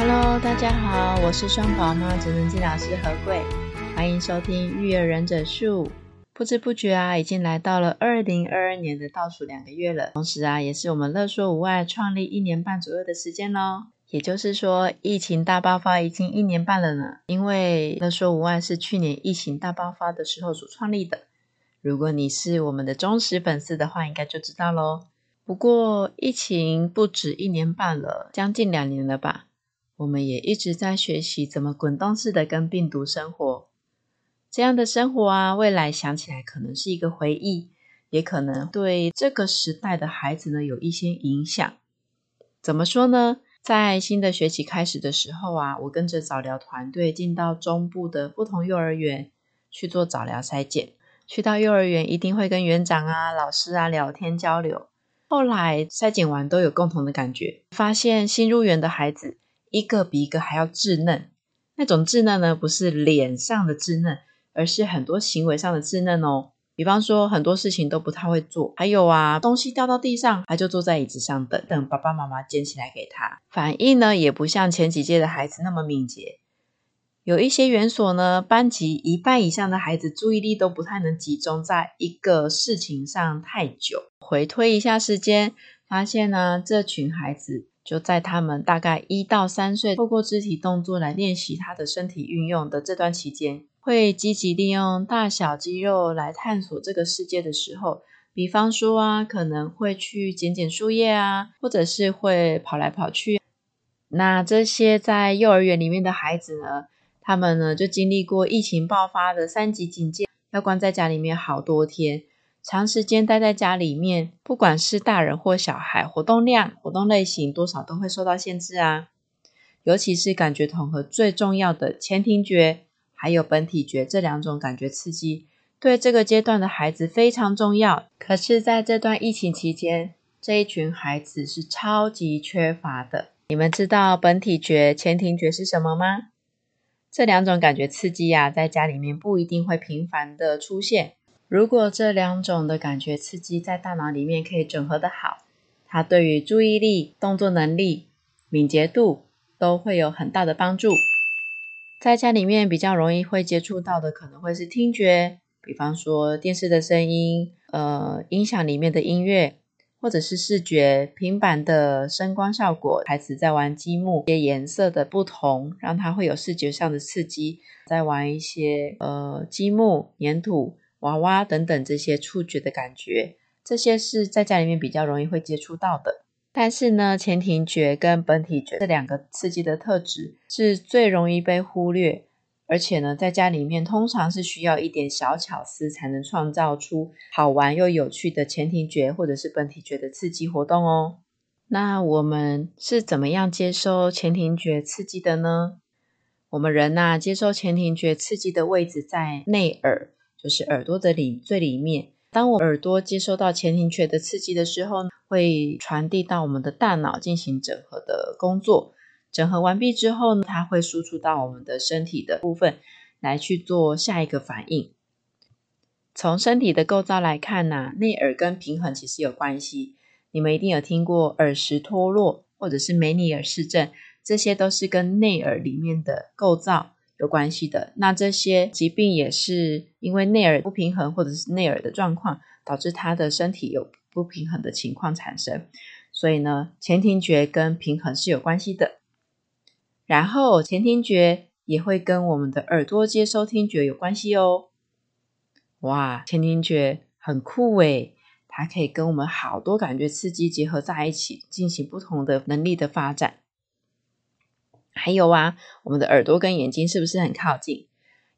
Hello，大家好，我是雙寶媽、只能金老師郃貴，歡迎收聽育兒忍者術。不知不覺啊，已經來到了二零二二年的倒數兩個月了。同時啊，也是我們樂說無外創立一年半左右的時間咯。也就是說，疫情大爆發已經一年半了呢。因為樂說無外是去年疫情大爆發的時候所創立的。如果你是我們的忠實粉絲的話，應該就知道嘍。不過，疫情不止一年半了，將近兩年了吧？我們也一直在學習怎麼滾動式的跟病毒生活，這樣的生活啊，未來想起來可能是一個回憶，也可能對這個時代的孩子呢有一些影響。怎麼說呢？在新的學期開始的時候啊，我跟着早療團隊進到中部的不同幼兒園去做早療篩檢，去到幼兒園一定會跟園長啊、老師啊聊天交流。後來篩檢完都有共同的感覺，發現新入園的孩子。一個比一個還要稚嫩，那種稚嫩呢，不是臉上的稚嫩，而是很多行為上的稚嫩哦。比方說，很多事情都不太會做，還有啊，東西掉到地上，他就坐在椅子上等，等爸爸媽媽撿起來給他。反應呢，也不像前幾屆的孩子那麼敏捷。有一些園所呢，班級一半以上的孩子注意力都不太能集中在一個事情上太久。回推一下時間，發現呢，這群孩子。就在他們大概一到三歲，透過肢體動作來練習他的身體運用的這段期間，會積極利用大小肌肉來探索這個世界的時候，比方說啊，可能會去撿撿樹葉啊，或者是會跑來跑去。那這些在幼兒園裡面的孩子呢，他們呢就經歷過疫情爆發的三級警戒，要關在家裡面好多天。長時間待在家裡面，不管是大人或小孩，活動量、活動類型多少都會受到限制啊。尤其是感覺統合最重要的前庭覺，還有本體覺這兩種感覺刺激，對這個階段的孩子非常重要。可是在這段疫情期間，這一群孩子是超級缺乏的。你們知道本體覺、前庭覺是什麼嗎？這兩種感覺刺激呀、啊，在家裡面不一定會頻繁的出現。如果這兩種的感覺刺激在大腦裡面可以整合得好，它對於注意力、動作能力、敏捷度都會有很大的幫助。在家裡面比較容易會接觸到的，可能會是聽覺，比方說電視的聲音、呃音響裡面的音樂，或者是視覺，平板的聲光效果，孩子在玩積木，一些顏色的不同，讓他會有視覺上的刺激。在玩一些呃積木、黏土、娃娃、等等這些觸覺的感覺，這些是在家裡面比較容易會接觸到的。但是呢，前庭覺跟本體覺這兩個刺激的特質是最容易被忽略，而且呢，在家裡面通常是需要一點小巧思才能創造出好玩又有趣的前庭覺或者是本體覺的刺激活動哦。那我們是怎麼樣接收前庭覺刺激的呢？我們人吶、啊，接收前庭覺刺激的位置在內耳。就是耳朵的裡最裡面，當我耳朵接收到前庭覺的刺激的時候，會傳遞到我們的大腦進行整合的工作。整合完畢之後呢，它會輸出到我們的身體的部分，來去做下一個反應。從身體的構造來看呢、啊，內耳跟平衡其實有關係。你們一定有聽過耳石脫落，或者是梅尼爾氏症，這些都是跟內耳裡面的構造。有關係的，那這些疾病也是因為內耳不平衡，或者是內耳的狀況導致他的身體有不平衡的情況產生，所以呢，前庭覺跟平衡是有關係的。然後前庭覺也會跟我們的耳朵接收聽覺有關係哦。哇，前庭覺很酷誒，它可以跟我們好多感覺刺激結合在一起，進行不同的能力的發展。還有啊，我們的耳朵跟眼睛是不是很靠近？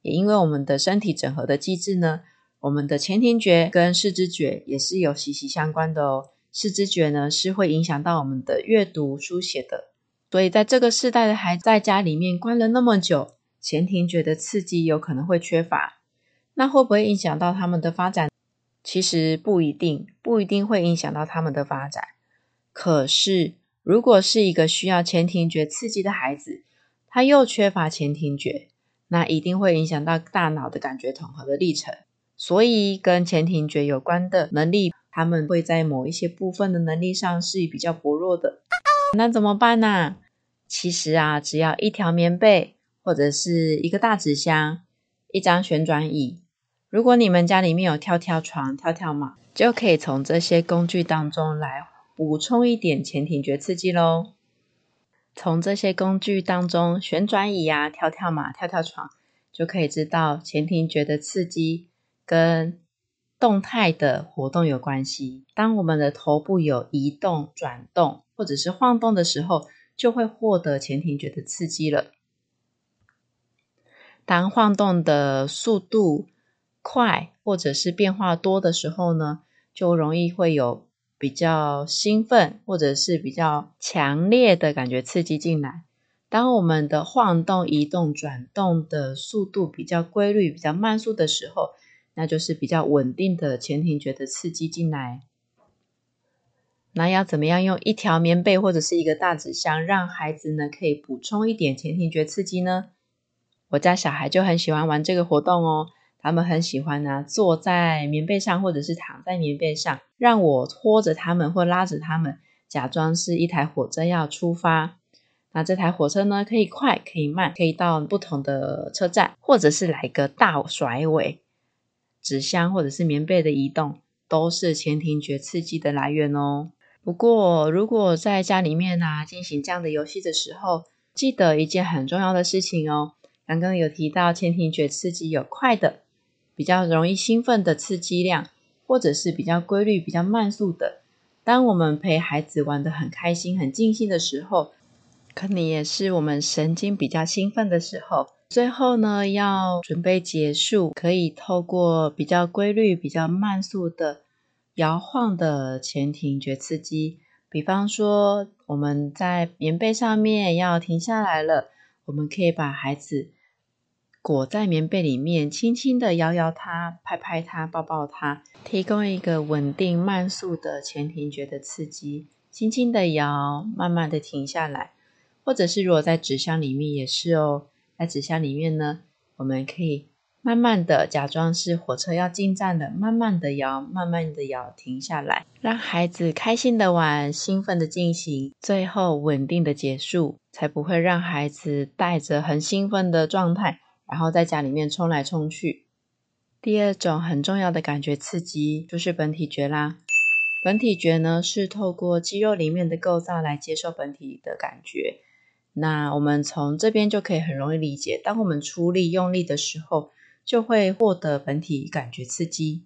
也因為我們的身體整合的機制呢，我們的前庭覺跟視知覺也是有息息相關的哦。視知覺呢，是會影響到我們的閱讀、書寫的。所以在這個世代的孩子在家裡面關了那麼久，前庭覺的刺激有可能會缺乏，那會不會影響到他們的發展？其實不一定，不一定會影響到他們的發展。可是。如果是一個需要前庭覺刺激的孩子，他又缺乏前庭覺，那一定會影響到大腦的感覺統合的歷程。所以，跟前庭覺有關的能力，他們會在某一些部分的能力上是比較薄弱的。那怎麼辦呢、啊？其實啊，只要一條棉被，或者是一個大紙箱，一張旋轉椅。如果你們家裡面有跳跳床、跳跳馬，就可以從這些工具當中來。補充一點，前庭覺刺激咯。從這些工具當中，旋轉椅呀、啊、跳跳馬、跳跳床，就可以知道前庭覺的刺激跟動態的活動有關係。當我們的頭部有移動、轉動或者是晃動的時候，就會獲得前庭覺的刺激了。當晃動的速度快或者是變化多的時候呢，就容易會有。比較興奮，或者是比較強烈的感覺刺激進來。當我們的晃動、移動、轉動的速度比較規律、比較慢速的時候，那就是比較穩定的前庭覺的刺激進來。那要怎麼樣用一條棉被或者是一個大紙箱，讓孩子呢可以補充一點前庭覺刺激呢？我家小孩就很喜歡玩這個活動哦。他們很喜歡呢，坐在棉被上或者是躺在棉被上，讓我拖着他們或拉着他們，假裝是一台火車要出發。那這台火車呢，可以快，可以慢，可以到不同的車站，或者是來個大甩尾。紙箱或者是棉被的移動，都是前庭覺刺激的來源哦。不過，如果在家裡面呢、啊、進行這樣的遊戲的時候，記得一件很重要的事情哦。剛剛有提到前庭覺刺激有快的。比較容易興奮的刺激量，或者是比較規律、比較慢速的。當我們陪孩子玩得很開心、很盡興的時候，可能也是我們神經比較興奮的時候。最後呢，要準備結束，可以透過比較規律、比較慢速的搖晃的前庭覺刺激。比方說，我們在棉被上面要停下來了，我們可以把孩子。裹在棉被裡面，輕輕地搖搖它，拍拍它，抱抱它，提供一個穩定慢速的前庭覺的刺激。輕輕地搖，慢慢的停下來。或者是如果在紙箱裡面也是哦，在紙箱裡面呢，我們可以慢慢的假裝是火車要進站了，慢慢的搖，慢慢的搖，停下來，讓孩子開心的玩，興奮的進行，最後穩定的結束，才不會讓孩子帶着很興奮的狀態。然後在家裡面衝來衝去。第二種很重要的感覺刺激就是本體覺啦。本體覺呢，是透過肌肉裡面的構造來接受本體的感覺。那我們從這邊就可以很容易理解，當我們出力用力的時候，就會獲得本體感覺刺激。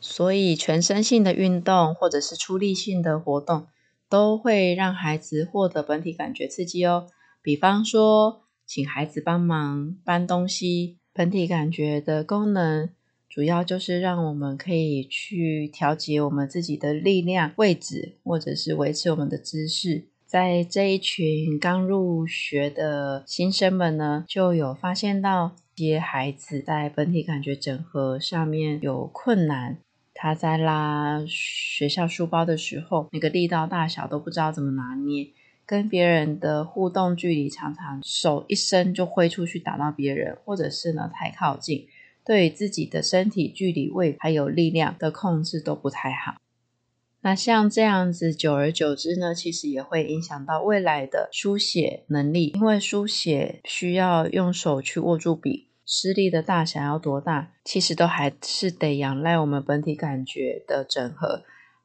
所以全身性的運動或者是出力性的活動，都會讓孩子獲得本體感覺刺激哦。比方說，請孩子幫忙搬東西。本體感覺的功能，主要就是讓我們可以去調節我們自己的力量、位置，或者是維持我們的姿勢。在這一群剛入學的新生們呢，就有發現到一些孩子在本體感覺整合上面有困難。他在拉學校書包的時候，那個力道大小都不知道怎麼拿捏。跟別人的互動距離，常常手一伸就揮出去打到別人，或者是呢太靠近，對於自己的身體距離位還有力量的控制都不太好。那像這樣子，久而久之呢，其實也會影響到未來的書寫能力，因為書寫需要用手去握住筆，施力的大小要多大，其實都還是得仰賴我們本體感覺的整合。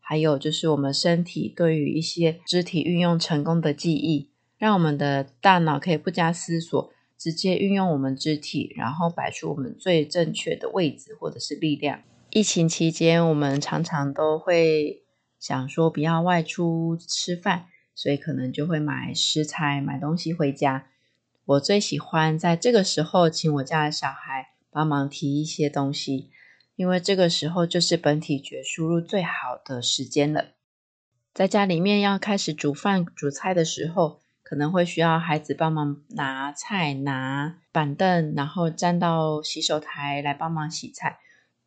還有就是我們身體對於一些肢體運用成功的記憶，讓我們的大腦可以不加思索，直接運用我們肢體，然後擺出我們最正確的位置或者是力量。疫情期間，我們常常都會想說不要外出吃飯，所以可能就會買食材、買東西回家。我最喜歡在這個時候請我家的小孩幫忙提一些東西。因為這個時候就是本體覺輸入最好的時間了。在家裡面要開始煮飯煮菜的時候，可能會需要孩子幫忙拿菜、拿板凳，然後站到洗手台來幫忙洗菜。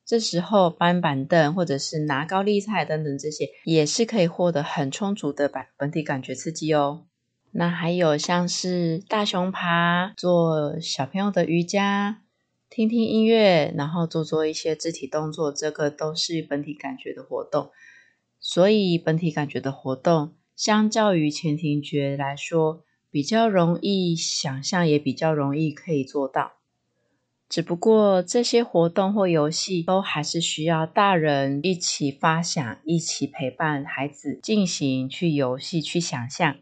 這時候搬板凳或者是拿高麗菜等等這些，也是可以獲得很充足的本體感覺刺激哦。那還有像是大熊爬、做小朋友的瑜伽。聽聽音樂，然後做做一些肢體動作，這個都是本體感覺的活動。所以，本體感覺的活動相較於前庭覺來說，比較容易想象，也比較容易可以做到。只不過，這些活動或遊戲都還是需要大人一起發想，一起陪伴孩子進行去遊戲去想象，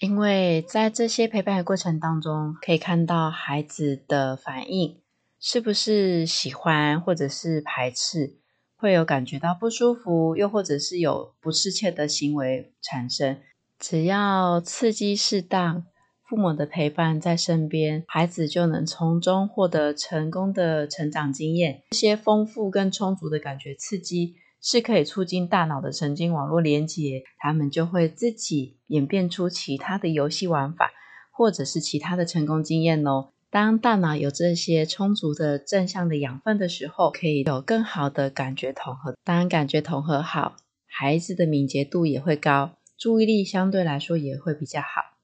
因為在這些陪伴的過程當中，可以看到孩子的反應。是不是喜歡或者是排斥，會有感覺到不舒服，又或者是有不適切的行為產生？只要刺激適當，父母的陪伴在身邊，孩子就能從中獲得成功的成長經驗。這些豐富跟充足的感覺刺激是可以促進大腦的神經網絡連接，他們就會自己演變出其他的遊戲玩法，或者是其他的成功經驗哦。當大腦有這些充足的正向的養分的時候，可以有更好的感覺統合。當感覺統合好，孩子的敏捷度也會高，注意力相對來說也會比較好。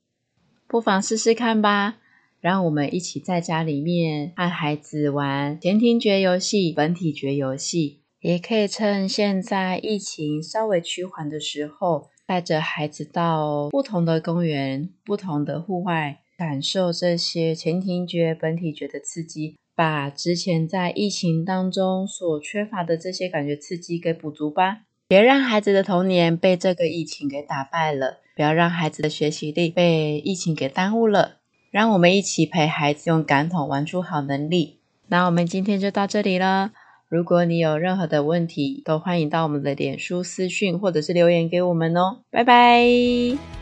不妨試試看吧。讓我們一起在家裡面和孩子玩前庭覺遊戲、本體覺遊戲，也可以趁現在疫情稍微趨緩的時候，帶着孩子到不同的公園、不同的戶外。感受這些前庭覺、本體覺的刺激，把之前在疫情當中所缺乏的這些感覺刺激給補足吧。別讓孩子的童年被這個疫情給打敗了，不要讓孩子的學習力被疫情給耽誤了。讓我們一起陪孩子用感統玩出好能力。那我們今天就到這裡了。如果你有任何的問題，都歡迎到我們的臉書私訊或者是留言給我們哦。拜拜。